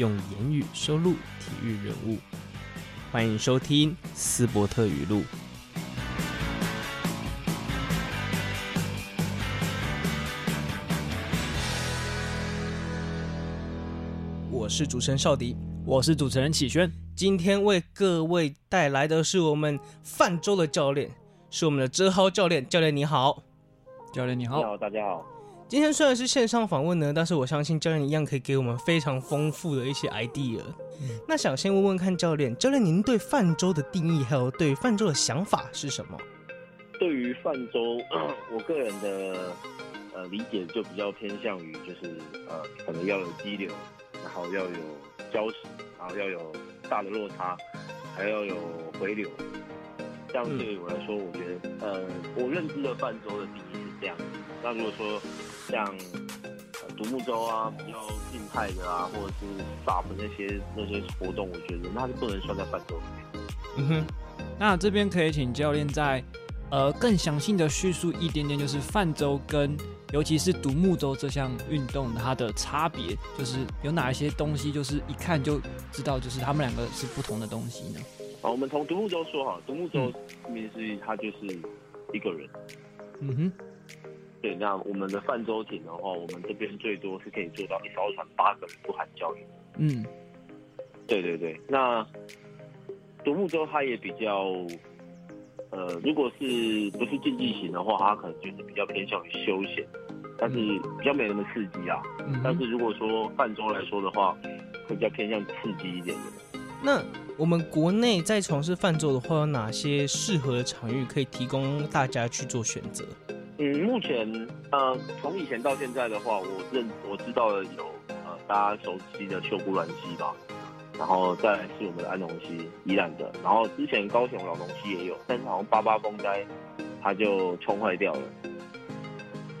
用言語收錄體育人物，歡迎收聽斯伯特語錄。我是主持人少迪，我是主持人啟軒，今天為各位帶來的是我們泛舟的教練，是我們的哲豪教練。教練你好，教練你好，你好，大家好。今天雖然是線上訪問呢，但是我相信教練一樣可以給我們非常豐富的一些 idea。那想先問問看教練，教練您對泛舟的定義還有對泛舟的想法是什麼？對於泛舟，呃，我個人的，呃，理解就比較偏向於，就是呃，可能要有激流，然後要有礁石，然後要有大的落差，還要有，有回流。相對於我來說，我覺得，呃，我認知的泛舟的定義是這樣子。那如果說像呃、獨木舟啊，比較靜態的啊，或者是 SUP 那些那些活動，我覺得那就不能算在泛舟裡面。嗯哼，那這邊可以請教練再呃更詳細的敘述一點點，就是泛舟跟尤其是獨木舟這項運動它的差別，就是有哪一些東西，就是一看就知道，就是他們兩個是不同的東西呢？哦，我們從獨木舟說哈，獨木舟顧名思義它就是一個人，嗯哼，對，那我們的泛舟艇的話，我們這邊最多是可以做到一艘船八個人不含教練，嗯，對對對，那獨木舟它也比較，呃，如果是不是競技型的話，它可能就是比較偏向於休閒，但是比較沒那麼刺激啊，嗯哼，但是如果說泛舟來說的話，會比較偏向刺激一點的，那。我們國內在從事泛舟的話，有哪些適合的場域可以提供大家去做選擇？嗯，目前，呃，從以前到現在的話，我認我知道的有，呃，大家熟悉的秀姑巒溪吧，然後再來是我們的安農溪、宜蘭的，然後之前高雄荖濃溪也有，但是好像八八風災，它就沖壞掉了。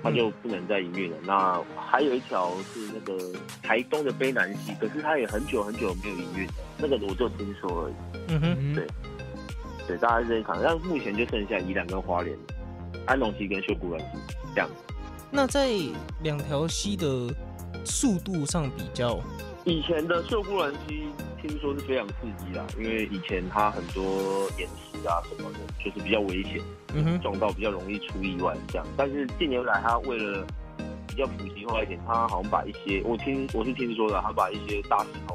嗯、他就不能再營運了。那還有一條是那個台東的卑南溪，可是他也很久很久沒有營運。那個我就聽說而已。嗯哼，哼，對，對，大家是在談。但目前就剩下宜蘭跟花蓮，安農溪跟秀姑巒溪這樣。那在兩條溪的速度上比較。以前的秀姑巒溪聽說是非常刺激啦，因為以前它很多岩石啊什麼的，就是比較危險，就是、撞到比較容易出意外這樣。但是近年來，它為了比較普及化一點，它好像把一些我聽我是聽說的，它把一些大石頭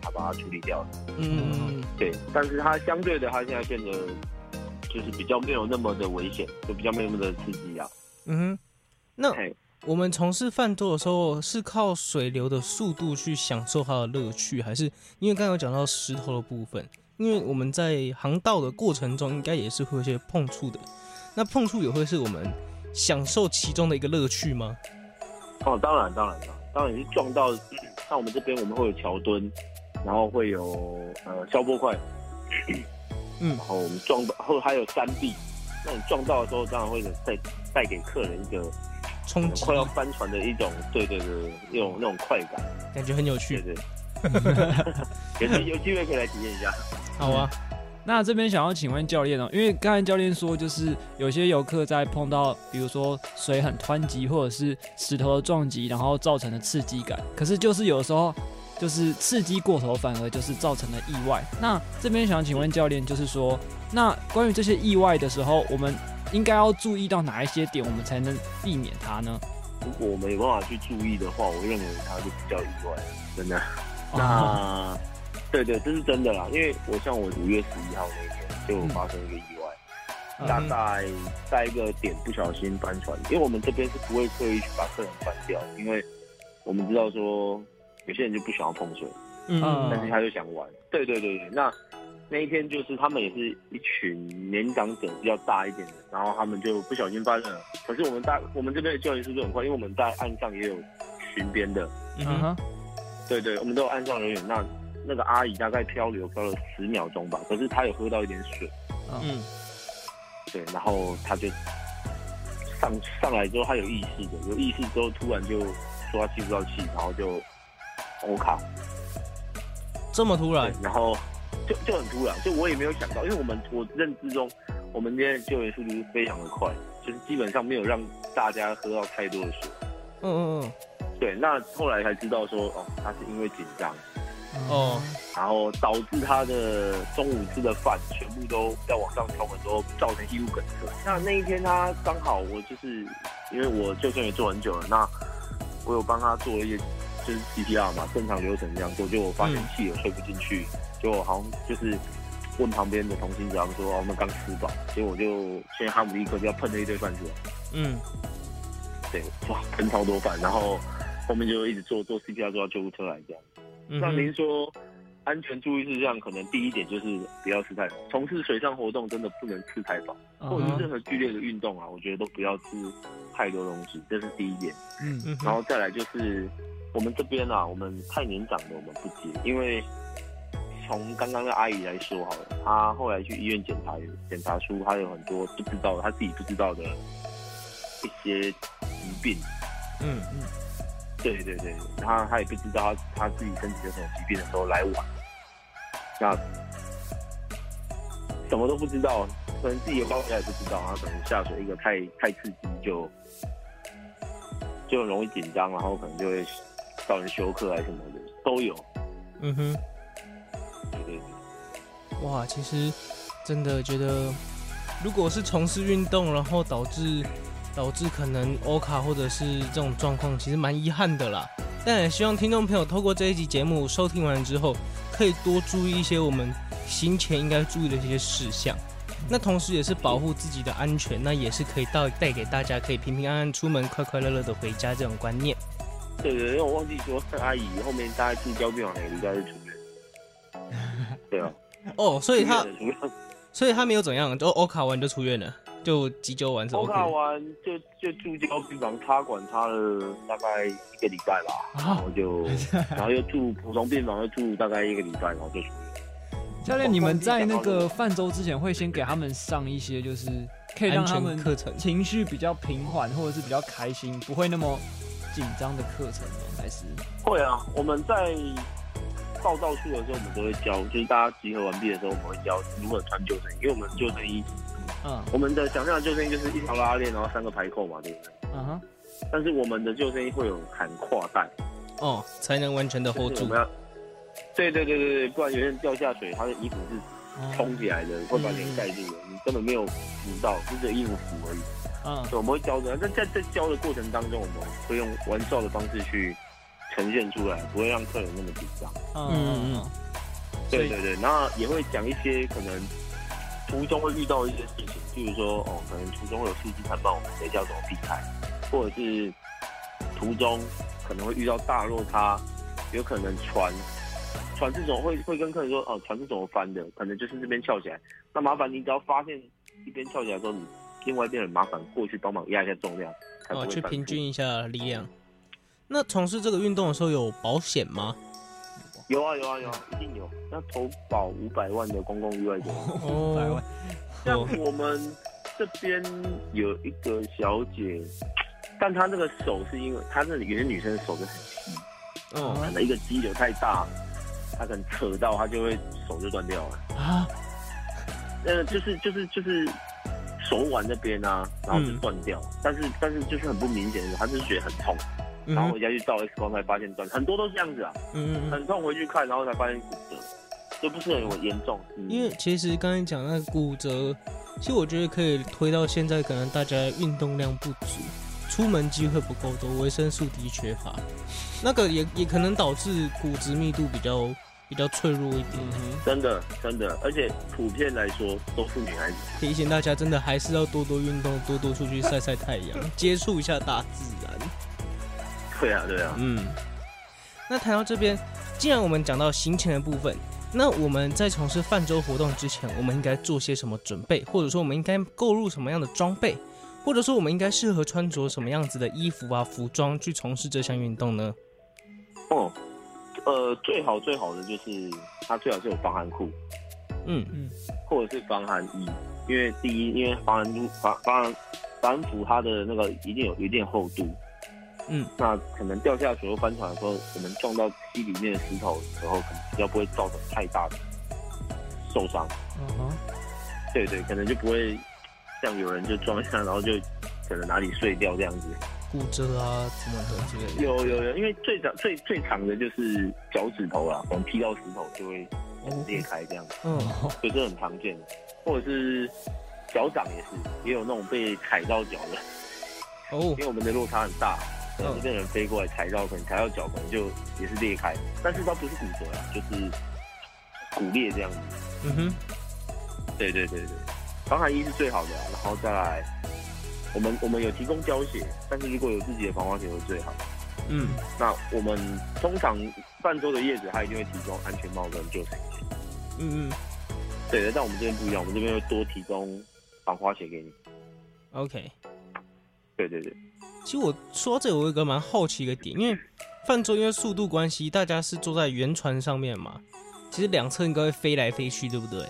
它把它處理掉了。嗯，對。但是它相對的，它現在變得就是比較沒有那麼的危險，就比較沒有那麼的刺激啊。嗯，那、no.。我們從事泛舟的時候，是靠水流的速度去享受它的樂趣，還是因為剛剛有講到石頭的部分？因為我們在航道的過程中，應該也是會有些碰觸的。那碰觸也會是我們享受其中的一個樂趣嗎？哦，當然，當然當然。當然你是撞到，像我們這邊，我們會有橋墩，然後會有呃消波塊，嗯，然後我們撞到，或還有山壁，那你撞到的時候，當然會帶帶給客人一個。衝快要翻船的一種，對對對，那種那種快感，感覺很有趣，有有機會可以來體驗一下。好啊，那這邊想要請問教練哦、喔，因為剛才教練說，就是有些遊客在碰到，比如說水很湍急，或者是石頭的撞擊，然後造成的刺激感，可是就是有的時候。就是刺激過頭，反而就是造成了意外。那這邊想請問教練，就是說，那關於這些意外的時候，我們應該要注意到哪一些點，我們才能避免它呢？如果沒有辦法去注意的話，我認為它就比較意外，真的。那、啊、對,對對，這是真的啦，因為我像我五月十一號那一天就發生一個意外，嗯、大概在一個點不小心翻船，因為我們這邊是不會刻意去把客人翻掉，因為我們知道說。有些人就不喜歡碰水，嗯，但是他就想玩。對、嗯、對對對，那那一天就是他們也是一群年長者，比較大一點的，然後他們就不小心翻了。可是我們大我們這邊的救援速度很快，因為我們在岸上也有巡邊的。嗯哼，對，對對，我們都有岸上人員。那那個阿姨大概漂流漂了十秒鐘吧，可是她有喝到一點水。嗯，對，然後她就上上來之後她有意識的，有意識之後突然就說她吸不到氣，然後就。我靠！這麼突然，然後就就很突然，就我也沒有想到，因為我們我認知中，我們今天的救援速度是非常的快，就是基本上沒有讓大家喝到太多的水。嗯嗯嗯。對，那後來才知道說，哦，他是因為緊張，哦、嗯嗯，然後導致他的中午吃的飯全部都在往上調很多造成異物梗塞。那那一天他剛好我就是，因為我救援也做很久了，那我有幫他做一些。就是 CPR 嘛，正常流程這樣做，就我發現氣也吹不進去，就、嗯、好像就是問旁邊的同行怎樣說，他們剛吃飽，所以我就現在哈姆立克就要噴一堆飯出來。嗯，對，哇，噴超多飯，然後後面就一直做做 CPR，做到救護車來這樣。嗯、哼那您說。安全注意事項可能第一點就是不要吃太飽，從事水上活動真的不能吃太飽，uh huh. 或者是任何劇烈的運動啊，我覺得都不要吃太多東西，這是第一點。嗯，嗯。然後再來就是我們這邊啊，我們太年長的我們不接，因為從剛剛的阿姨來說好了，她後來去醫院檢查，檢查出她有很多不知道她自己不知道的一些疾病。嗯嗯，嗯對對對，她她也不知道她,她自己身體有什麼疾病的時候來晚。什麼都不知道，可能自己的包也不知道啊。他可能下水一個太太刺激就就就很容易緊張，然後可能就會造成休克啊什麼的都有。嗯哼。對。哇，其實真的覺得，如果是從事運動，然後導致導致可能歐卡或者是這種狀況，其實蠻遺憾的啦。但也希望聽眾朋友透過這一集節目收聽完之後，可以多注意一些我們行前應該注意的一些事項。那同時也是保護自己的安全，那也是可以到帶給大家可以平平安安出門，快快樂樂的回家這種觀念。對，對對，因為我忘記說阿姨後面大概去交病床，也應該是出院。 對啊嗎。哦，oh, 所以他所以他沒有怎樣，就 O 卡完就出院了。就急救完之後，OK、我看完就就住這個病房，插管插了大概一個禮拜吧，啊、然後就 然後又住普通病房，又住大概一個禮拜，然後就出院。教練，你們在那個泛舟之前，會先給他們上一些就是可以讓他們情緒比較平緩或者是比較開心，不會那麼緊張的課程還、哦、是？是會，會啊，我們在報到處的時候，我們都會教，就是大家集合完畢的時候，我們會教如何穿救生衣，因為我們救生衣。嗯嗯，uh, 我們的想象的救生衣就是一條拉鏈，然後三個排扣嘛，對不對？Uh huh. 但是我們的救生衣會有坎胯帶，哦，oh, 才能完全的 hold 住。對對對對，不然有人掉下水，他的衣服是衝起來的，uh huh. 會把臉蓋住的，uh huh. 你根本沒有浮到，就是衣服浮而已。嗯、uh，huh. 所以我們會教的，那在在教的過程當中，我們會用玩笑的方式去呈現出來，不會讓客人那麼緊張。嗯嗯嗯。Huh. 對對對，那、uh huh. 也會講一些可能。途中會遇到一些事情，譬如說，哦，可能途中會有樹枝，看到我們得教怎麼避開；或者是途中可能會遇到大落差，有可能船船是怎麼，會會跟客人說，哦，船是怎麼翻的？可能就是這邊翹起來，那麻煩你只要發現一邊翹起來之後，你另外一邊很麻煩過去幫忙壓一下重量，哦，去平均一下力量。那從事這個運動的時候有保險嗎？有啊有啊有啊，一定有。要投保五百萬的公共意外險，五百萬。哦、像我們這邊有一個小姐，哦、但她那個手是因為她那裡有些女生的手就很細，可能一個激流太大，她可能扯到，她就會手就斷掉了。啊？呃，就是就是就是手腕那邊啊，然後就斷掉。嗯、但是但是就是很不明顯，她就是覺得很痛。然後回家去照 X 光才發現斷，很多都是這樣子啊，嗯、很痛回去看，然後才發現骨折，就不是很嚴重。嗯、因為其實剛才講那個骨折，其實我覺得可以推到現在，可能大家運動量不足，出門機會不夠多，維生素 D 缺乏，那個也也可能導致骨質密度比較比較脆弱一點。真的，真的，而且普遍來說都是女孩子。提醒大家，真的還是要多多運動，多多出去晒晒太陽，接觸一下大自然。對呀、啊啊，對呀，嗯。那談到這邊，既然我們講到行前的部分，那我們在從事泛舟活動之前，我們應該做些什麼準備，或者說我們應該購入什麼樣的裝備，或者說我們應該適合穿着什麼樣子的衣服啊、服裝去從事這項運動呢？哦，呃，最好最好的就是它最好是有防寒褲、嗯，嗯嗯，或者是防寒衣，因為第一，因為防寒防防寒防寒服它的那個一定有一定厚度。嗯，那可能掉下所有翻船的時候，可能撞到溪裡面的石頭的時候，可能比較不會造成太大的受傷。哦、uh，huh. 對對，可能就不會像有人就撞一下，然後就可能哪裡碎掉這樣子，骨折啊什麼的，這有有有，因為最長最最長的就是腳趾頭啊，我們踢到石頭就會裂開這樣子。嗯、uh，所、huh. 以是很常見的，或者是腳掌也是，也有那種被踩到腳的。哦、uh，huh. 因為我們的落差很大。然後對、oh. 這邊人飛過來踩到，可能踩到腳，可能就也是裂開的，但是它不是骨折呀，就是骨裂這樣子。嗯哼、mm，hmm. 對對對對，防寒衣是最好的，啊，然後再來，我們我們有提供膠鞋，但是如果有自己的防滑鞋會最好的。嗯、mm，hmm. 那我們通常泛舟的業者它，一定會提供安全帽跟救生衣。嗯嗯、mm，hmm. 對的，但我們這邊不一樣，我們這邊會多提供防滑鞋給你。OK，對對對。其實我說這，我有一個蠻好奇一個點，因為泛舟因為速度關係，大家是坐在圓船上面嘛，其實兩側應該會飛來飛去，對不對？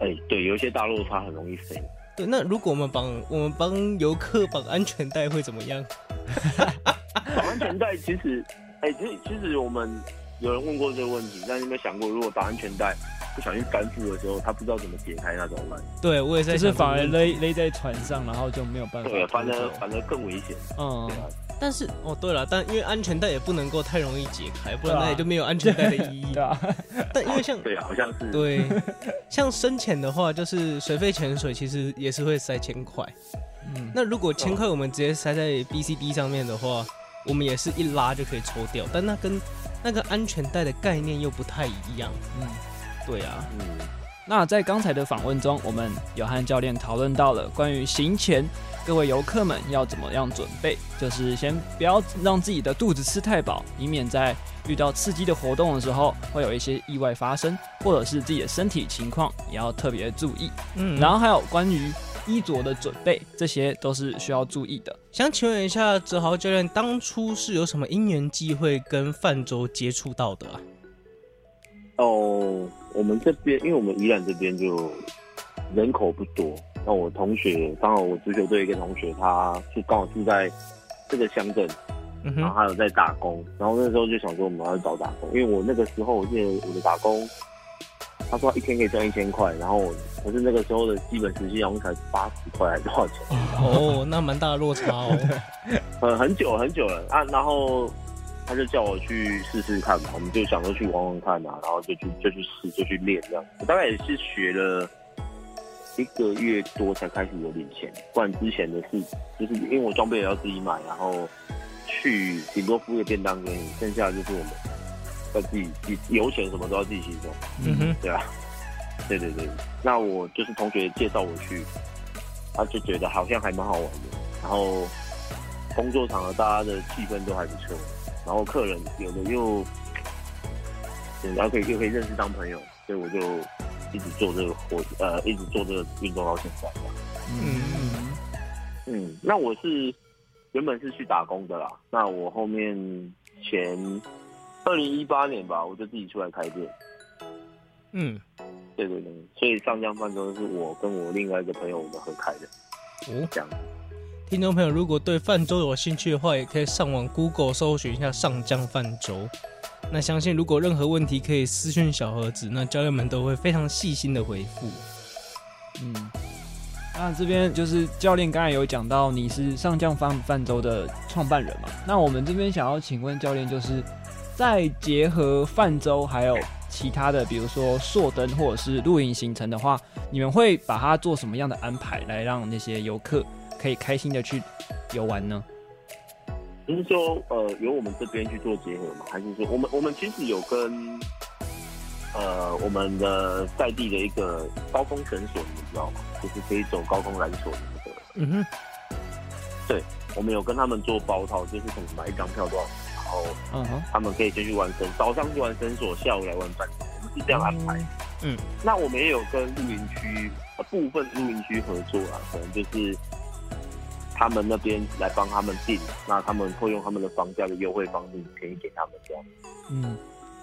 哎，對，有些大陸它很容易飛。對，那如果我們幫我們幫遊客綁安全帶會怎麼樣？綁 安全帶其實，哎，其實其實我們有人問過這個問題，但是你有沒有想過，如果綁安全帶？不小心翻覆的時候，他不知道怎麼解開那種嘛。對，我也在就是反而勒勒在船上，然後就沒有辦法。對，反正反而更危險。嗯，啊、但是哦，對了，但因為安全帶也不能夠太容易解開，不然那也就沒有安全帶的意義、啊啊、但因為像對、啊，好像是對，像深潛的話，就是水肺潛水其實也是會塞鉛塊。嗯。那如果鉛塊我們直接塞在 B C D 上面的話，我們也是一拉就可以抽掉，但那跟那個安全帶的概念又不太一樣。嗯。對啊，嗯，那在剛才的訪問中，我們有和教練討論到了關於行前各位遊客們要怎麼樣準備，就是先不要讓自己的肚子吃太飽，以免在遇到刺激的活動的時候會有一些意外發生，或者是自己的身體情況也要特別注意，嗯，然後還有關於衣着的準備，這些都是需要注意的。想請問一下，哲豪教練當初是有什麼因緣際會跟泛舟接觸到的啊？哦，我們這邊，因為我們宜蘭這邊就人口不多。那我同學，剛好我足球隊一個同學，他是剛好住在這個鄉鎮，然後他有在打工。然後那時候就想說，我們要去找打工，因為我那個時候我記得我的打工，他說他一天可以賺一千塊，然後我可是那個時候的基本時薪好像才八十塊還是多少錢？哦，那蠻大的落差哦、 嗯。很很久很久了啊，然後。他就叫我去試試看嘛、啊，我們就想說去玩玩看嘛、啊，然後就去就去試就去練這樣。我大概也是學了一個月多才開始有點錢，不然之前的是就是因為我裝備也要自己買，然後去頂多付個便當給你，剩下的就是我們要自己油錢什麼都要自己收。嗯哼，對啊，對對對。那我就是同學介紹我去，他就覺得好像還蠻好玩的，然後工作場合大家的氣氛都還不錯。然後客人有的又，然後可以又可以認識當朋友，所以我就一直做這個活，呃，一直做這個運動到現在嗯。嗯，嗯，那我是原本是去打工的啦，那我後面前二零一八年吧，我就自己出來開店。嗯，對對對，所以上將泛舟是我跟我另外一個朋友我們合開的，哦，這樣。聽眾朋友，如果對泛舟有興趣的話，也可以上網 Google 搜尋一下上將泛舟。那相信如果任何問題可以私訊小盒子，那教練們都會非常細心的回復。嗯，那這邊就是教練剛才有講到你是上將泛泛舟的創辦人嘛？那我們這邊想要請問教練，就是在結合泛舟還有其他的，比如說碩燈或者是露營行程的話，你們會把它做什麼樣的安排，來讓那些遊客？可以開心的去遊玩呢？只是說，呃，由我們這邊去做結合嘛？還是說，我們我們其實有跟，呃，我們的在地的一個高空繩索你知道嗎？就是可以走高空纜索的那個。嗯哼。對，我們有跟他們做包套，就是可能買一張票多少，然後，嗯哼，他們可以先去完成。早上去玩繩索，下午來玩纜，我們是這樣安排嗯。嗯。那我們也有跟露營區部分露營區合作啊，可能就是。他們那邊來幫他們訂，那他們會用他們的房價的優惠方式，可以給他們這樣。嗯，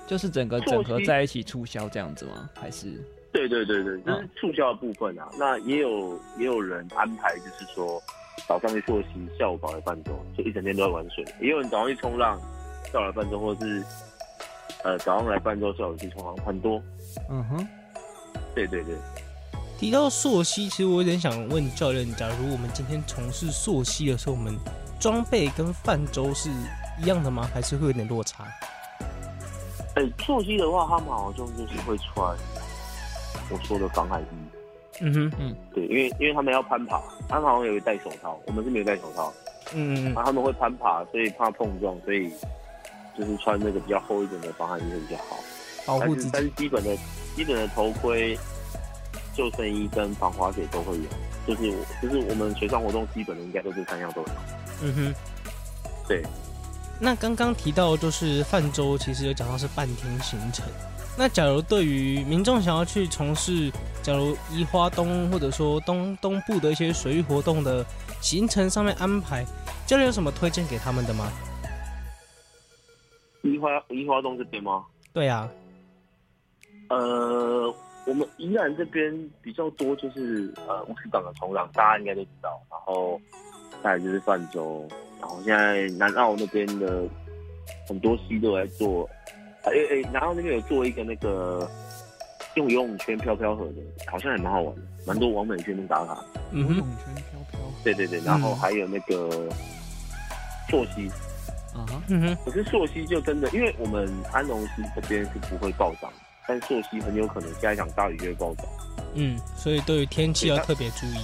就是整個整合在一起促銷這樣子嗎？還是？對對對對，就是促銷的部分啊。嗯、那也有也有人安排，就是說早上去做下午跑來泛舟，就一整天都在玩水。也有人早上一衝浪，下午來泛舟，或者是呃早上來泛舟下午去衝浪，很多。嗯哼，對對對。提到溯溪，其實我有點想問教練：假如我們今天從事溯溪的時候，我們裝備跟泛舟是一樣的嗎？還是會有點落差？哎、欸，溯溪的話，他們好像就是會穿我說的防寒衣。嗯哼，嗯，對，因為因為他們要攀爬，他們好像有戴手套，我們是沒有戴手套。嗯嗯，而他們會攀爬，所以怕碰撞，所以就是穿那個比較厚一點的防寒衣會比較好。保護自己但。但是基本的，基本的頭盔。救生衣跟防滑鞋都會有，就是就是我們水上活動基本的應該都是三樣都有。嗯哼，對。那剛剛提到就是泛舟，其實有講到是半天行程。那假如對於民眾想要去從事，假如宜花東或者說東東部的一些水域活動的行程上面安排，教練有什麼推薦給他們的嗎？宜花宜花東這邊嗎？對呀，啊。呃。我們宜蘭這邊比較多，就是呃烏石港的衝浪，大家應該都知道。然後，再來就是泛舟。然後現在南澳那邊的很多溪都來做，哎哎，南澳那邊有做一個那個用游泳圈漂漂河的，好像也蠻好玩的，蠻多網美圈都打卡。游泳圈漂漂，對對對，然後還有那個溯溪啊，嗯哼。可是溯溪就真的，因為我們安農溪這邊是不會暴漲。但溯溪很有可能下一場大雨就會暴漲，嗯，所以對於天氣要特別注意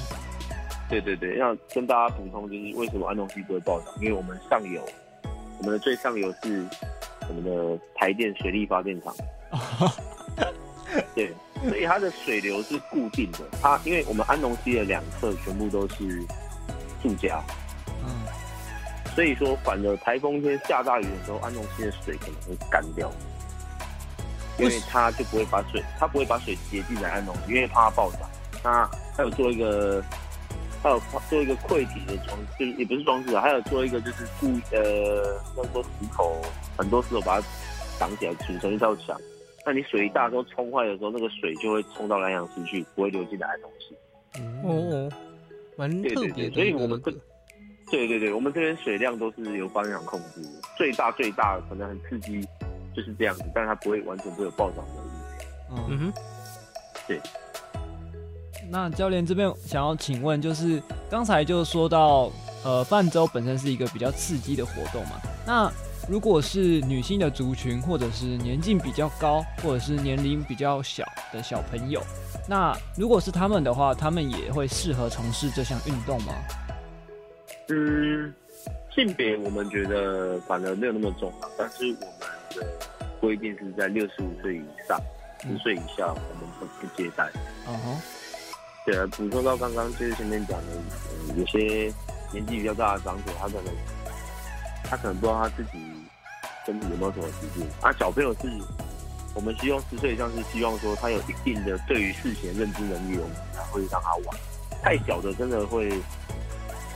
對。對對對，要跟大家補充，就是為什麼安農溪不會暴漲？因為我們上游，我們的最上游是我們的台電水力發電廠。 對，所以它的水流是固定的。它因為我們安農溪的兩側全部都是住家。嗯。所以說，反而，台風天下大雨的時候，安農溪的水可能會乾掉。因為它就不會把水，它不會把水直接進來，因為怕它暴漲。它還有做一個，還有做一個潰堤的裝，置，也不是裝置，還有做一個就是固呃，要說石頭，很多，石頭很多石頭時候把它擋起來，組成一道牆。那你水一大都沖壞的時候，那個水就會沖到蘭陽溪去，不會流進來的東西。哦，蠻特別。所以我們這，那個那個，對對對，我們這邊水量都是由安農控制，最大最大的可能很刺激。就是這樣子，但是它不會完全不會有暴漲的意思。嗯哼，對。那教練這邊想要請問，就是剛才就說到，呃，泛舟本身是一個比較刺激的活動嘛。那如果是女性的族群，或者是年紀比較高，或者是年齡比較小的小朋友，那如果是他們的話，他們也會適合從事這項運動嗎？嗯，性別我們覺得反而沒有那麼重要啊，但是我們。規定是在六十五歲以上，十歲、嗯、以下我們不不接待。嗯哼、uh，huh、對啊，比如說到剛剛就是前面講的，有些年紀比較大的長者，他可能他可能不知道他自己身體有沒有什麼疾病。啊，小朋友是我們希望十歲以上，是希望說他有一定的對於事前認知能力，我們才會讓他玩。太小的真的會。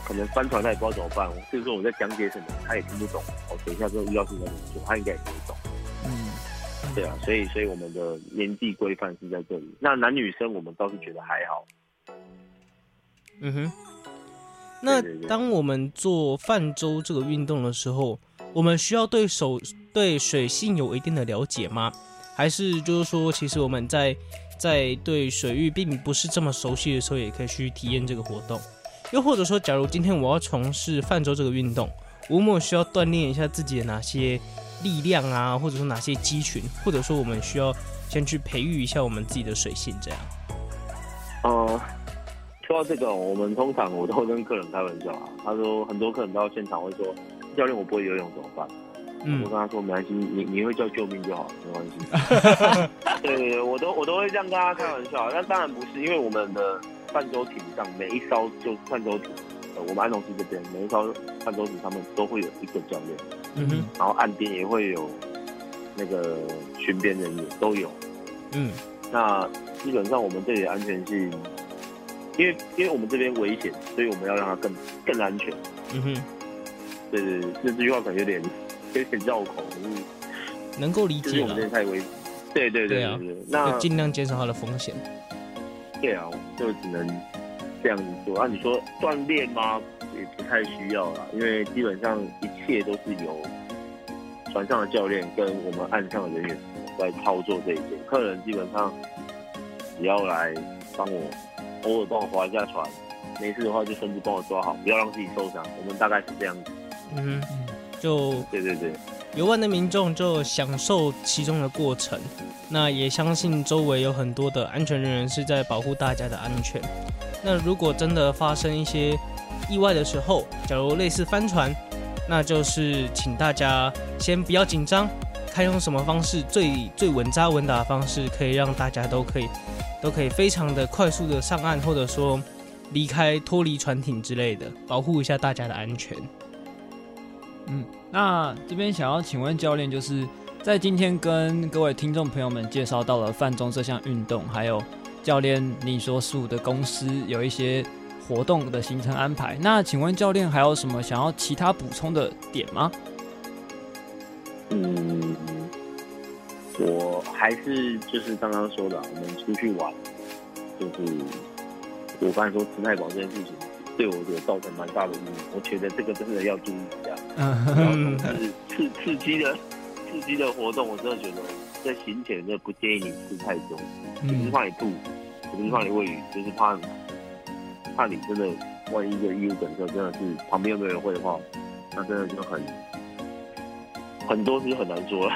可能翻船他也不知道怎麼辦。就是說我在講解什麼，他也聽不懂。哦，等一下說遇到什麼問題，他應該也不懂。嗯，對啊，所以所以我們的年紀規範是在這裡。那男女生我們倒是覺得還好。嗯哼。那當我們做泛舟這個運動的時候，我們需要對手對水性有一定的了解嗎？還是就是說，其實我們在在對水域並不是這麼熟悉的時候，也可以去體驗這個活動？又或者說，假如今天我要從事泛舟這個運動，我們有需要鍛鍊一下自己的哪些力量啊？或者說哪些肌群，或者說我們需要先去培育一下我們自己的水性，這樣。嗯，說到這個，我們通常我都跟客人開玩笑啊。他說很多客人到現場會說：“教練，我不會游泳怎麼辦？”我跟他說：“沒關係，你你會叫救命就好，沒關係。”對，我都我都會這樣跟大家開玩笑，但當然不是，因為我們的。泛舟艇上每一艘就泛舟艇，呃，我們安農溪這邊每一艘泛舟艇他們都會有一個教練，嗯哼，然後岸邊也會有那個巡邊人員都有，嗯，那基本上我們這裡的安全性，因為因為我們這邊危險，所以我們要讓它更更安全，嗯哼，對對對，這句話可能有點有點繞口，能夠理解我們這邊太危險，啊，對對對，對，對，對啊，那盡量減少它的風險。對啊，就只能這樣子做啊！你說鍛鍊嗎？也不太需要了，因為基本上一切都是由船上的教練跟我們岸上的人員來操作這一點。客人基本上只要來幫我，偶爾幫我划一下船，沒事的話就甚至幫我抓好，不要讓自己受傷。我們大概是這樣子。嗯，就對對對。遊玩的民眾就享受其中的過程，那也相信周圍有很多的安全人員是在保護大家的安全。那如果真的發生一些意外的時候，假如類似翻船，那就是請大家先不要緊張，看用什麼方式最，最穩紮穩打的方式，可以讓大家都可以，都可以非常的快速的上岸，或者說離開，脫離船艇之類的，保護一下大家的安全。嗯，那這邊想要請問教練，就是在今天跟各位聽眾朋友們介紹到了泛舟這項運動，還有教練你所屬的公司有一些活動的行程安排。那請問教練還有什麼想要其他補充的點嗎？嗯，我還是就是剛剛說的、啊，我們出去玩，就是我剛才說吃太飽這件事情對我也造成蠻大的問題。我覺得這個真的要注意一下。啊、嗯，然是吃刺激的、刺激的活動，我真的覺得在行前真的不建議你吃太重，不、嗯、是怕你肚，不是怕你餵魚，就是怕怕你真的，萬一這個異物哽塞真的是旁邊沒有人會的話，那真的就很很多是很難做了。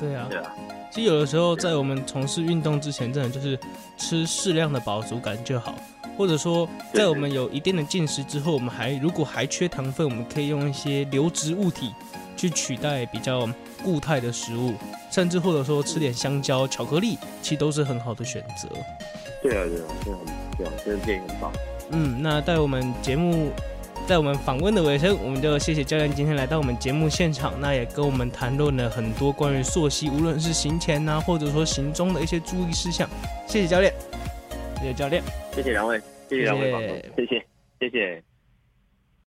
對啊，對啊。其實有的時候在我們從事運動之前，真的就是吃適量的飽足感就好。或者說，在我們有一定的進食之後，我們還如果還缺糖分，我們可以用一些流質物體去取代比較固態的食物，甚至或者說吃點香蕉、巧克力，其實都是很好的選擇、啊。對啊，對啊，真的很對啊，今天、啊啊啊、電影很棒。嗯，那在我們節目在我們訪問的尾聲，我們就謝謝教練今天來到我們節目現場，那也跟我們談論了很多關於溯溪，無論是行前吶、啊，或者說行中的一些注意事項。謝謝教練。謝謝教練，謝謝兩位，謝謝兩位幫助，謝謝，謝謝，謝謝。